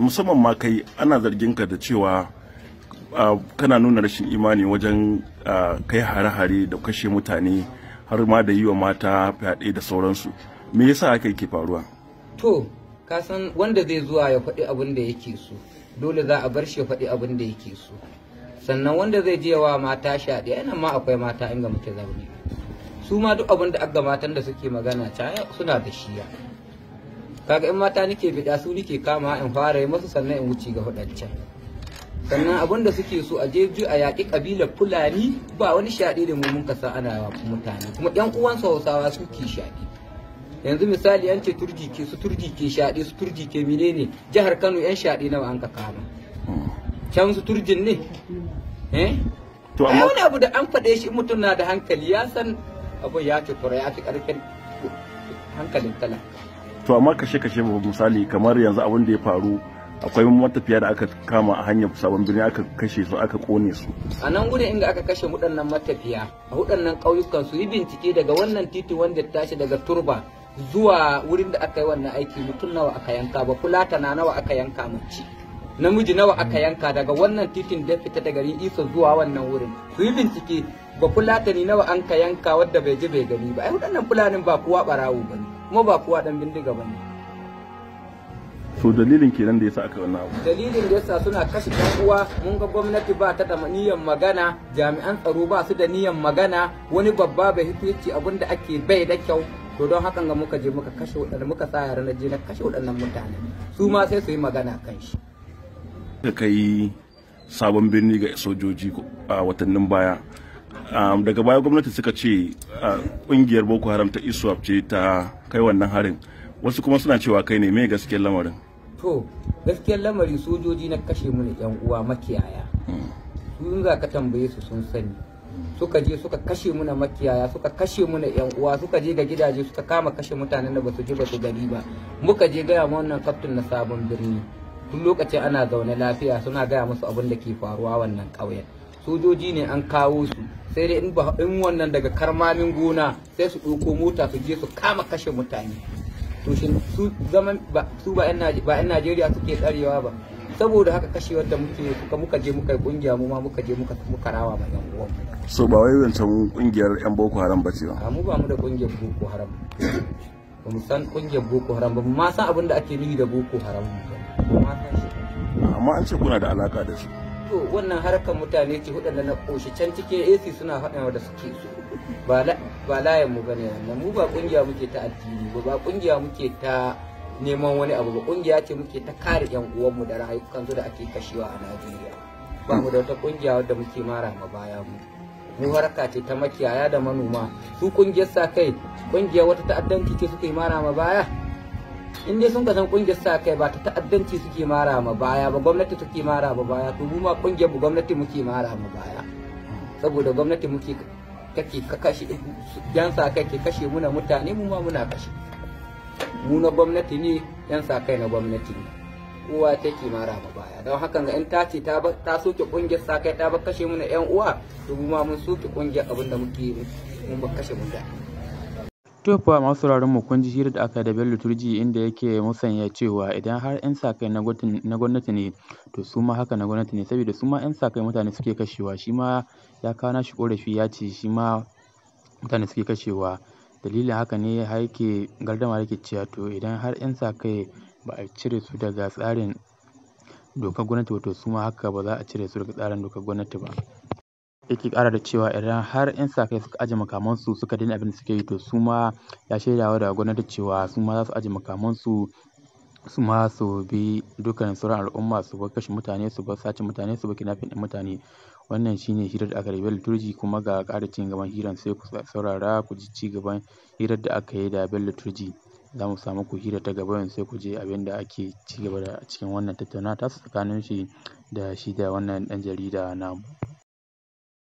musamman ma kai ana zargin ka da cewa kana nuna rashin imani wajen kai hare-hare da kashe mutane har ma da yi wa mata fyaɗe da sauransu me yasa haka yake faruwa to ka san wanda zai zuwa ya faɗi abin da yake so dole za a bar shi ya faɗi abin da yake so sannan wanda zai je wa mata shaɗe yana ma akwai mata inga muke zaune su ma duk abin da aka matan da suke magana caya suna da shiya kaga in mata nake bida su nake kama in fara yi masu sannan in wuce ga hudancan sannan abin da suke so a je a yaƙi ƙabilar fulani ba wani shaɗi da mun kasa ana mutane kuma uwan uwansu hausawa suke shaɗi yanzu misali an ce turji ke su turji ke shaɗi su turji ke menene jihar kano yan shaɗi nawa an ka kama can su turjin ne eh wani abu da an faɗe shi mutum na da hankali ya san abin ya tutura ya fi ƙarfin hankalin talaka to amma kashe kashe ba misali kamar yanzu abin da ya faru akwai matafiya da aka kama a hanyar sabon birni aka kashe su aka kone su a nan gudun inda aka kashe waɗannan matafiya a waɗannan ƙauyukan su yi bincike daga wannan titi wanda tashi daga turba zuwa wurin da aka yi wannan aiki mutum nawa aka yanka ba fulata na nawa aka yanka mace namiji nawa aka mm. yanka daga wannan titin da fita daga garin isa zuwa wannan wurin su yi bincike ba ni nawa an ka yanka wadda bai ji bai gani ba ai waɗannan fulanin ba kuwa ɓarawo ba ne kuma ba kowa dan bindiga bane so dalilin kenan da yasa aka wannan abu dalilin da yasa suna kashe dan uwa mun ga gwamnati ba ta da niyyar magana jami'an tsaro ba su da niyyar magana wani babba bai hikici abinda da ake bai da kyau to don hakan ga muka je muka kashe wadanda muka sa yaran na je na kashe wadannan mutane su ma sai su yi magana kan shi da kai sabon birni ga sojoji a watannin baya daga baya gwamnati suka ce kungiyar boko haram ta iswap ce ta kai wannan harin wasu kuma suna cewa kai ne mai gaskiyar lamarin to gaskiyar lamari sojoji na kashe mu ne yan uwa makiyaya sun za ka tambaye su sun sani suka je suka kashe na makiyaya suka kashe na yan uwa suka je ga gidaje suka kama kashe mutanen da basu je basu gari ba muka je gaya ma wannan kaftin na sabon birni tun lokacin ana zaune lafiya suna gaya musu abin da ke faruwa wannan ƙauyen sojoji ne an kawo su sai dai in in wannan daga karmamin gona sai su ɗauko mota su je su kama kashe mutane to shin su zaman ba su ba yan Najeriya suke tsarewa ba saboda haka kashe wanda muke suka muka je muka yi kungiya mu ma muka je muka muka rawa ma yan uwan so ba wai wancan kungiyar yan Boko Haram ba ce ba mu ba mu da kungiyar Boko Haram ba mu san kungiyar Boko Haram ba mu ma san abin da ake nufi da Boko Haram ba amma an ce kuna da alaka da su to wannan harkar mutane ce da na ƙoshi can cikin AC suna faɗa da suke so ba layan mu bane nan mu ba ƙungiya muke ta addini ba ba kungiya muke ta neman wani abu ba ƙungiya ce muke ta kare yan uwanmu da rayukansu da ake kashewa a Najeriya ba mu da wata ƙungiya wadda muke mara ma baya mu mu harka ce ta makiyaya da manoma su kungiyar sa kai kungiya wata ta'addanci ce suka yi mara ma baya in dai sun ka san kungiyar sa kai ba ta ta'addanci suke mara ma baya ba gwamnati take mara ma baya to mu ma kungiyar mu gwamnati muke mara ma baya saboda gwamnati muke kake ka kashe yan sa kai ke kashe muna mutane mu ma muna kashe mu na gwamnati ne yan sa kai na gwamnati ne uwa take mara ma baya don hakan ga in ta ce ta ta soke kungiyar sa kai ta ba kashe muna yan uwa to mu ma mun soke kungiyar abinda muke mun ba kashe mutane To masu sauraron mu kun ji hirar da aka da Bello inda yake musanya cewa idan har 'yan sa-kai na gwamnati ne to su ma haka na gwamnati ne saboda su ma ƴan sa-kai mutane suke kashewa shi ma ya kawo nashi ƙorafi ya ce shi ma mutane suke kashewa dalilin haka ne har yake gardama yake cewa to idan har ƴan sa-kai ba a cire su daga tsarin dokar gwamnati ba to su ma haka ba za a cire su daga tsarin dokar gwamnati ba. yake ƙara da cewa idan har 'yan sa-kai suka ajiye makamansu suka daina abin da suke yi to su ma ya shaidawa da gwamnati cewa su ma za su ajiye makamansu su ma su bi dukkan sauran al'umma su bar kashe mutane su bar sace mutane su bar kidnapping ɗin mutane wannan shine hirar da aka yi Bello kuma ga ƙara cin gaban hirar sai ku saurara ku ji ci gaban hirar da aka yi da Bello liturji za mu samu ku hira ta gaba sai ku je abin da ake ci gaba da cikin wannan tattaunawa tasu tsakanin shi da shi da wannan ɗan jarida namu.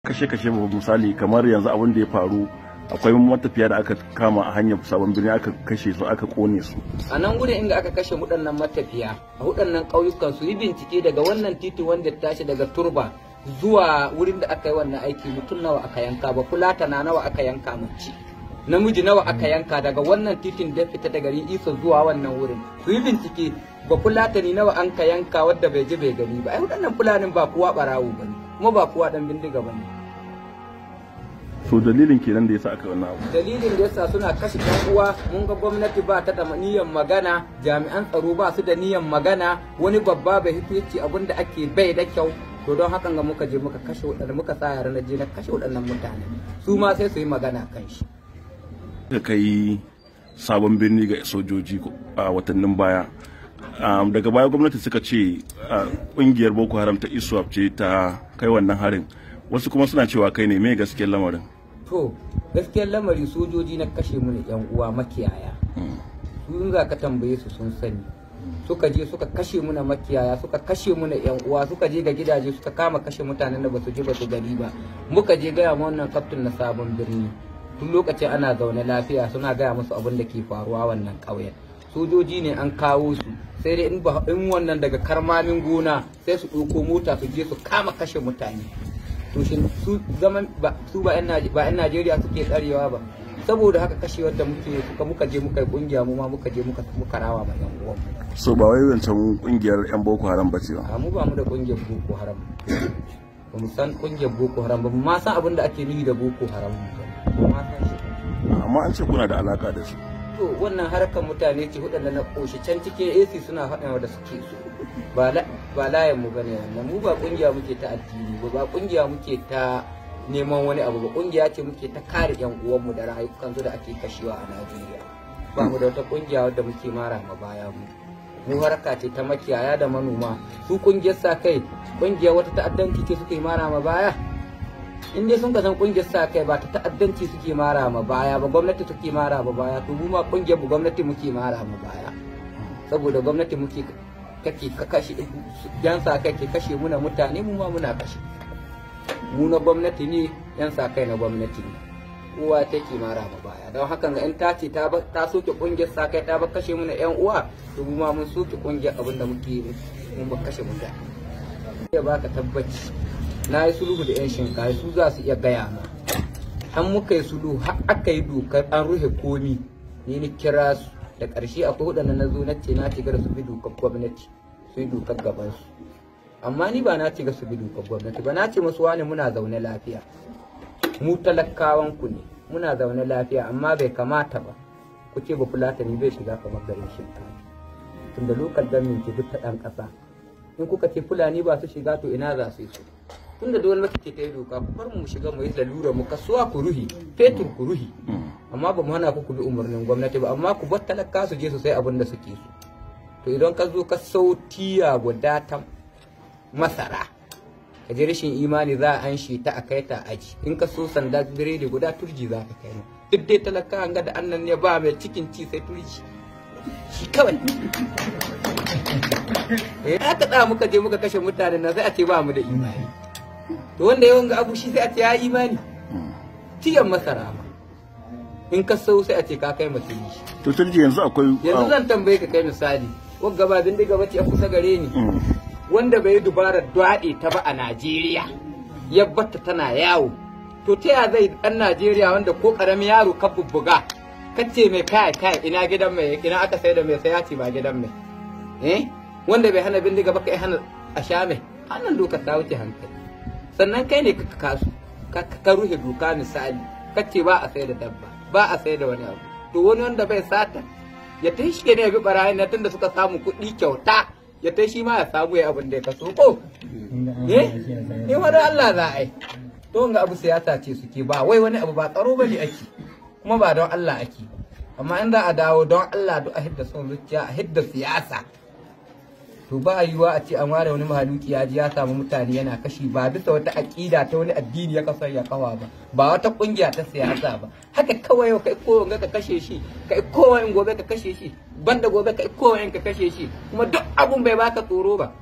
kashe-kashe ba misali kamar yanzu abin da ya faru akwai matafiya da aka kama a hanyar sabon birni aka kashe su aka kone su a nan gudun inda aka kashe waɗannan matafiya a waɗannan ƙauyukan su yi bincike daga wannan titi wanda ya tashi daga turba zuwa wurin da aka yi wannan aiki mutum nawa aka yanka ba fulata na nawa aka yanka mace namiji nawa aka yanka daga wannan titin da fita daga isa zuwa wannan wurin su yi bincike ba fulata ni nawa an ka yanka wadda bai je bai gani ba ai waɗannan fulanin ba kowa ɓarawo ba ne kuma ba kowa dan bindiga ba ne so dalilin kenan da yasa aka wannan abu dalilin da yasa suna kashe ɗan uwa mun ga gwamnati ba ta da niyyar magana jami'an tsaro ba su da niyyar magana wani babba bai hito yace abin da ake bai da kyau to don hakan ga muka je muka kashe waɗanda muka sa yaran je na kashe waɗannan mutane su ma sai su yi magana kan shi ka kai sabon birni ga sojoji a watannin baya daga baya gwamnati suka ce kungiyar boko haram ta iswap ce ta kai wannan harin wasu kuma suna cewa kai ne mai gaskiyar lamarin to gaskiyar lamarin sojoji na kashe mu yan uwa makiyaya hmm. sun za ka tambaye su sun sani suka je suka kashe mu na makiyaya suka kashe mu na yan uwa suka je ga gidaje suka kama kashe mutanen da basu je basu gari ba muka je gaya ma wannan kaftin na sabon birni tun lokacin ana zaune lafiya suna gaya musu abin da ke faruwa wannan ƙauyen sojoji ne an kawo su sai dai in ba in wannan daga karmamin gona sai su ɗauko mota su je su kama kashe mutane to shi su zaman ba su ba yan Najeriya suke tsarewa ba saboda haka kashe wanda muke suka muka je muka kungiya mu ma muka je muka muka rawa ma yan uwan so ba wai wancan kungiyar yan Boko Haram ba ce ba mu ba mu da kungiyar Boko Haram ba mu san kungiyar Boko Haram ba mu ma san abin da ake nufi da Boko Haram ba mu ma san shi amma an ce kuna da alaka da su to wannan harkar mutane ce da na koshi can cikin AC suna faɗawa da suke so ba layan mu bane wannan mu ba kungiya muke ta addini ba ba kungiya muke ta neman wani abu ba kungiya ce muke ta kare yan mu da su da ake kashewa a Najeriya ba mu da wata kungiya wadda muke mara ma baya mu mu harka ce ta makiyaya da manoma su kungiyar sa kai kungiya wata ta'addanci ce suke mara ma baya in dai sun ka san kungiyar sa kai ba ta ta'addanci suke mara ma baya ba gwamnati take mara ma baya to mu ma kungiyar mu gwamnati muke mara ma baya saboda gwamnati muke kake kashe yan sa kai ke kashe muna mutane mu ma muna kashe mu na gwamnati ne yan sa kai na gwamnati ne uwa take mara ma baya don hakan ga in ta ce ta ta soke kungiyar sa kai ta ba kashe muna yan uwa to mu ma mun soke kungiyar abinda muke mun ba kashe mutane ya baka tabbaci na yi sulhu da 'yan shinkaye su za su iya gaya ma an muka yi sulhu har aka yi dokar an rufe komi ni ni kira su da ƙarshe akwai waɗanda na zo na ce na shiga da su bi dokar gwamnati su yi dokar gaban su. amma ni ba na cigar su bi dokar gwamnati ba na ce musu wani muna zaune lafiya mu talakawan ku ne muna zaune lafiya amma bai kamata ba ku ce ba fulata ni bai shiga kamar garin shinkafa tunda lokal gamin ke duk ta ɗan ƙasa in kuka ce fulani ba su shiga to ina za su yi su tunda da wani ke ta yi doka kar mu shiga mu yi lalura mu kasuwa ku ruhi fetur ku ruhi hmm. amma ba mu hana ku ku bi umarnin gwamnati ba amma ku bar talaka su je su sai abin da suke so to idan ka zo ka sautiya guda ta masara ka ji rashin imani za a an shi ta a kai ta aji in ka so sanda biredi guda turji za ka kai duk dai talaka an ga da annan ne ba mai cikin ci sai turji shi kawai ya eh, kaɗa muka je muka kashe mutane na sai a ce ba mu da imani to wanda yawan ga abu shi sai a ce ya imani tiyan masara ma in ka sau sai a ce ka kai mutum to sarji yanzu akwai yanzu ah, zan tambaye ka kai misali gaba ba daga mace a kusa gare ni mm. wanda bai dubara dwaɗe ta ba a Najeriya ya bata tana yawo to ta ya zai dan Najeriya wanda ko ƙaramin yaro ka bubbuga ce mai kaya kaya ina gidan mai ina aka sai da mai sai ya ce ba gidan mai eh wanda bai hana bindiga ba kai hana a sha mai hannun doka ta wuce hankali sannan kai ne ka kasu ka rufe doka misali kace ba a sai da dabba ba a sai da wani abu to wani wanda bai sata ya ta shi ne ya bi barayin na tunda suka samu kuɗi kyauta ya ta shi ma ya samu ya abin da ya kaso ko eh eh, eh wani Allah za a yi to ga abu siyasa ce suke ba wai wani abu ba tsaro bane ake kuma ba don Allah ake amma in a dawo don Allah duk a hidda son zuciya a hidda siyasa to ba a wa a ce an ware wani mahaluki ya ji ya samu mutane yana kashi ba bisa wata aƙida ta wani addini ya kasar ya kawa ba ba wata ƙungiya ta siyasa ba haka kawai yau kai kowa ka kashe shi kai kowa in gobe ka kashe shi banda gobe kai kowa in ka kashe shi kuma duk abun bai baka tsoro ba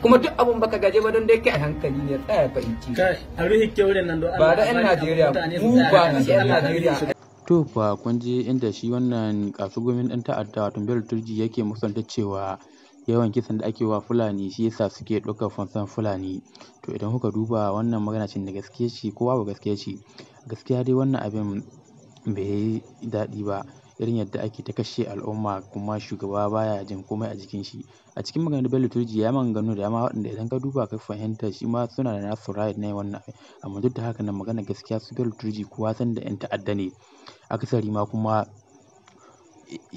kuma duk abun baka gaje ba don dai kai hankali ne tsaya fahimci a ruhi wurin nan don ba da yan Najeriya mu ba na yan Najeriya to fa kun je inda shi wannan gomin dan ta'adda wato Bello Turji yake musanta cewa yawan kisan da ake wa Fulani shi yasa suke ɗaukar fansan Fulani. To idan kuka duba wannan magana cin da gaskiya ce ko babu gaskiya ce? Gaskiya dai wannan abin bai yi daɗi ba. Irin yadda ake ta kashe al'umma kuma shugaba baya jin komai a jikin shi. A cikin maganar Bello Turji ya yi maganganu da dama waɗanda idan ka duba ka fahimta shi ma suna da nasu right na yin wannan abin. Amma duk da haka nan maganar gaskiya su Bello Turji kowa san da 'yan ta'adda ne. Akasari ma kuma.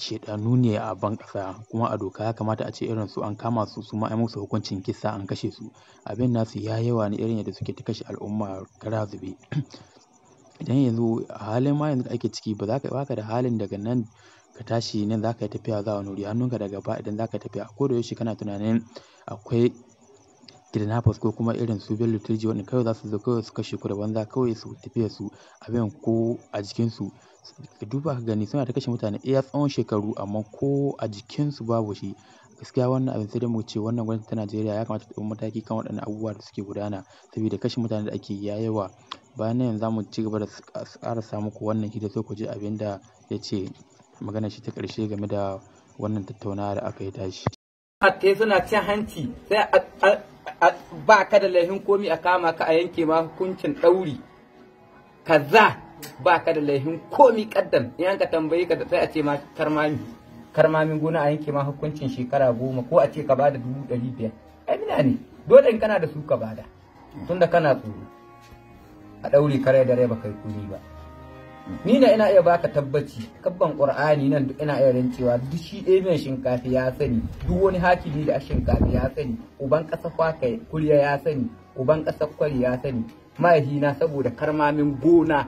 shaiɗanu ne a ban ƙasa kuma a doka ya kamata a ce irin su an kama su suma an musu hukuncin kisa an kashe su abin nasu ya yawa ne irin yadda suke ta kashe al'umma kara zube idan yanzu a halin ma yanzu da ake ciki ba za ka baka da halin daga nan ka tashi nan za ka yi tafiya zuwa wani wuri hannunka daga ba idan za ka yi tafiya a da yaushe kana tunanin akwai kidnappers ko kuma irin su Bello Turji wanda kawai za su zo kawai su kashe ku da banza kawai su tafiya su abin ko a jikinsu ka duba ka gani suna ta kashe mutane iya tsawon shekaru amma ko a jikinsu babu shi gaskiya wannan abin sai dai mu ce wannan gwamnati ta Najeriya ya kamata ta ɗauki mataki kan waɗannan abubuwa da suke gudana saboda kashe mutane da ake ya yawa bayan nan za mu ci gaba da ƙara samu ku wannan hira sai ku ji abin da ya ce magana shi ta ƙarshe game da wannan tattaunawa da aka yi tashi. Atte suna cin hanci sai ba ka da laifin komi a kama ka a yanke ma hukuncin ɗauri kaza ba ka da laifin komi kaddam in ka tambayi ka sai a ce ma karmami karmamin gona a yanke ma hukuncin shekara goma ko a ce ka bada dubu ɗari biyar mina ne dole in kana da su ka bada tunda kana tsoro a ɗauri kare da rai ba kai kuri ba ni na ina iya baka tabbaci kabban qur'ani nan duk ina iya rancewa duk shi ɗaya mai shinkafi ya sani duk wani hakimi da shinkafi ya sani uban ƙasa kwakai kurya ya sani uban ƙasa kwari ya sani na saboda karmamin gona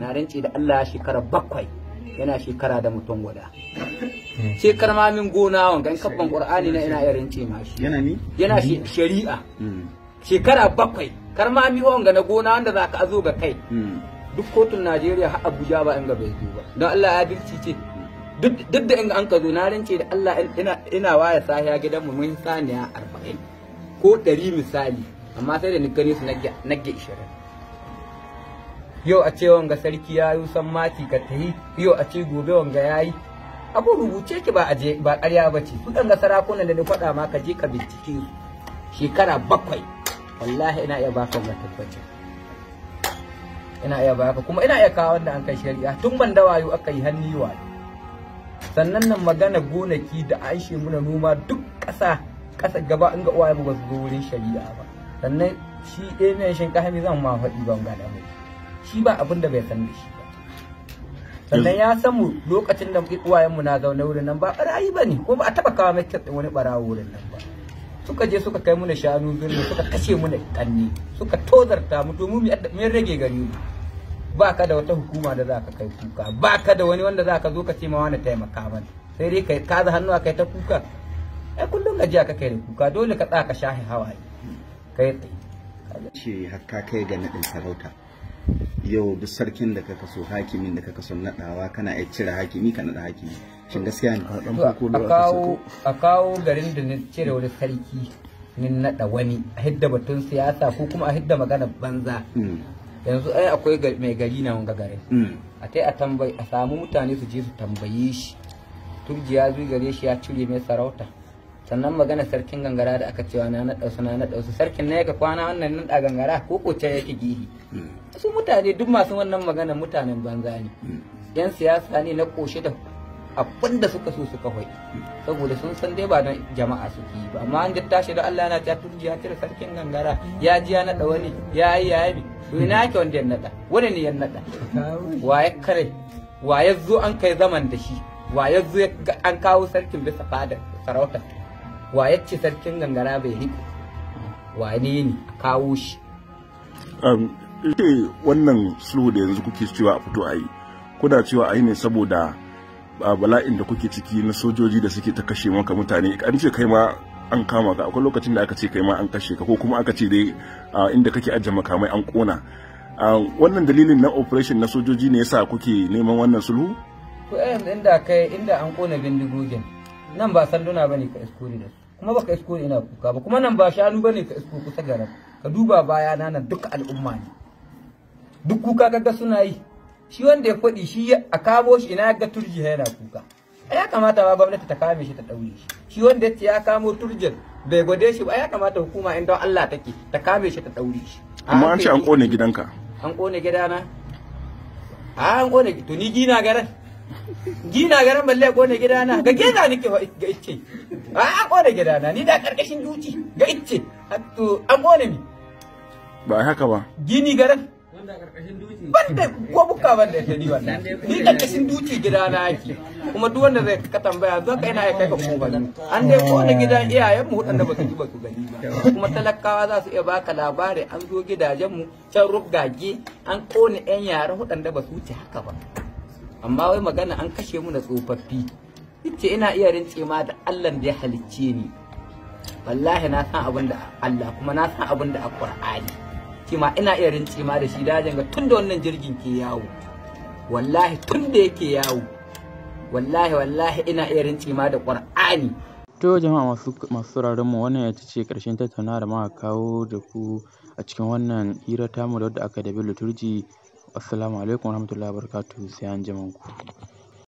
na rance da Allah ya shekara bakwai yana shekara da mutum guda ce karmamin gona wangan kabban qur'ani na ina iya rance ma shi yana ni yana shari'a hmm. shekara bakwai karmami wanga na gona wanda zaka azo ga kai hmm. duk kotun Najeriya har Abuja ba in ga bai ba don Allah ya adalci ce duk da in an ka zo na rance da Allah ina waya sahiya gidan mu mun saniya 40 ko 100 misali amma sai da ni gane su nage 20 yau a ce wanga sarki ya yi san mati ka yi yau a ce gobe wanga ya yi abu rubuce ki ba aje ba ƙarya ba ce su ga sarakunan da ni faɗa ma ka je ka bincike shekara bakwai wallahi ina iya baka wani tabbacin ina iya baka kuma ina iya kawo wanda an kai shari'a tun ban da wayo aka yi hannu wa sannan nan magana gonaki da an muna noma duk ƙasa ƙasa gaba in ga uwaye ba su zo wurin shari'a ba sannan shi ɗaya ne shinkafa mai zan ma faɗi ban gada mai shi ba abin da bai san da shi ba sannan ya san mu lokacin da uwayen mu na zaune wurin nan ba barayi ba ne ko ba a taɓa kawo mai wani ɓarawo wurin nan ba suka je suka kai muna shanu birni suka kashe muna kanni suka tozarta mu to mu me rage gari ba ka da wata hukuma da za ka kai kuka ba ka da wani wanda za ka zo ka ce ma wani taimaka ba sai dai kai ka za hannu kai ta kuka ai kullum gajiya ka kai da kuka dole ka tsaka shahi hawaye kai tsaye ce hakka kai ga nadin sarauta yau duk sarkin da kaka so hakimin da kaka so nadawa kana iya cire hakimi ka nada hakimi shin gaskiya ne a kawo garin da na cire wani sarki nin nada wani a hidda batun siyasa ko kuma a hidda magana banza mm. yanzu ai akwai mai gari na wanga gare mm. a tai a tambayi a samu mutane su je su tambaye shi turjiya zuwa gare shi ya cire mai sarauta sannan magana sarkin gangara da aka cewa na naɗa wasu na naɗa wasu sarkin na yaka kwana wannan naɗa gangara ko koce yake gihi su mutane duk masu wannan magana mutanen banza ne yan siyasa ne na koshe da abin da suka so suka hoyi saboda sun san dai ba don jama'a suke yi ba amma an tashi da Allah yana ta turji ya cire sarkin gangara ya ji ya naɗa wani ya yi ya yi to ina yake wanda ya naɗa wani ne ya naɗa wa ya kare wa zo an kai zaman da shi wa zo an kawo sarkin bisa fadar sarauta wa ce sarkin gangara bai riko wane ne kawo shi ce eh, wannan sulhu da yanzu kuke cewa a fito a yi kuna cewa a ne saboda bala'in da kuke ciki na sojoji da suke ta kashe maka mutane an ce kai ma an kama ka akwai lokacin da aka ce kai ma an kashe ka ko kuma aka ce dai inda kake ajiye makamai an kona wannan dalilin na operation na sojoji ne yasa kuke neman wannan sulhu? Eh, inda kai inda an kona bindigogin nan ba sanduna bane ka iskuri da su kuma baka isko ina kuka ba kuma nan ba shanu bane ka isko kusa garan ka duba baya na nan duka al'umma ne duk kuka kaga suna yi shi wanda ya faɗi shi a kamo shi ina ga turji yana kuka ya kamata ba gwamnati ta kame shi ta ɗaure shi shi wanda ya ya kamo turjin bai gode shi ba ya kamata hukuma in don Allah take ta kame shi ta ɗaure shi amma an ce an kone gidanka an kone gidana a an kone to ni gina garan gina garan balle kone gidana ga gina nake ga icce a gida gidana ni da karkashin duci ga icce hatto an kone ni ba haka ba gini garin banda ko buka banda ta ni wannan ni karkashin duci gidana yake kuma duk wanda zai ka tambaya zo kai na ya kai ka kuma an dai ne gidan iyayen mu wadanda ba su ji ba su gani kuma talakawa za su iya baka labari an zo gidajen mu can rubgage an kone yan hudan da ba su wuce haka ba amma wai magana an kashe mu da tsofaffi ce ina iya rintse ma da Allah da ya halicce ni wallahi na san abin da Allah kuma na san abin da alqur'ani ce ma ina iya rintse ma da shi dajin ga tunda wannan jirgin ke yawo wallahi tunda yake yawo wallahi wallahi ina iya rintse ma da qur'ani to jama'a masu masu sauraron mu wannan ya ce karshen tattaunawa da muka kawo da ku a cikin wannan hira tamu da wadda aka da Bello Assalamu alaikum warahmatullahi wabarakatuhu sai anjima ku.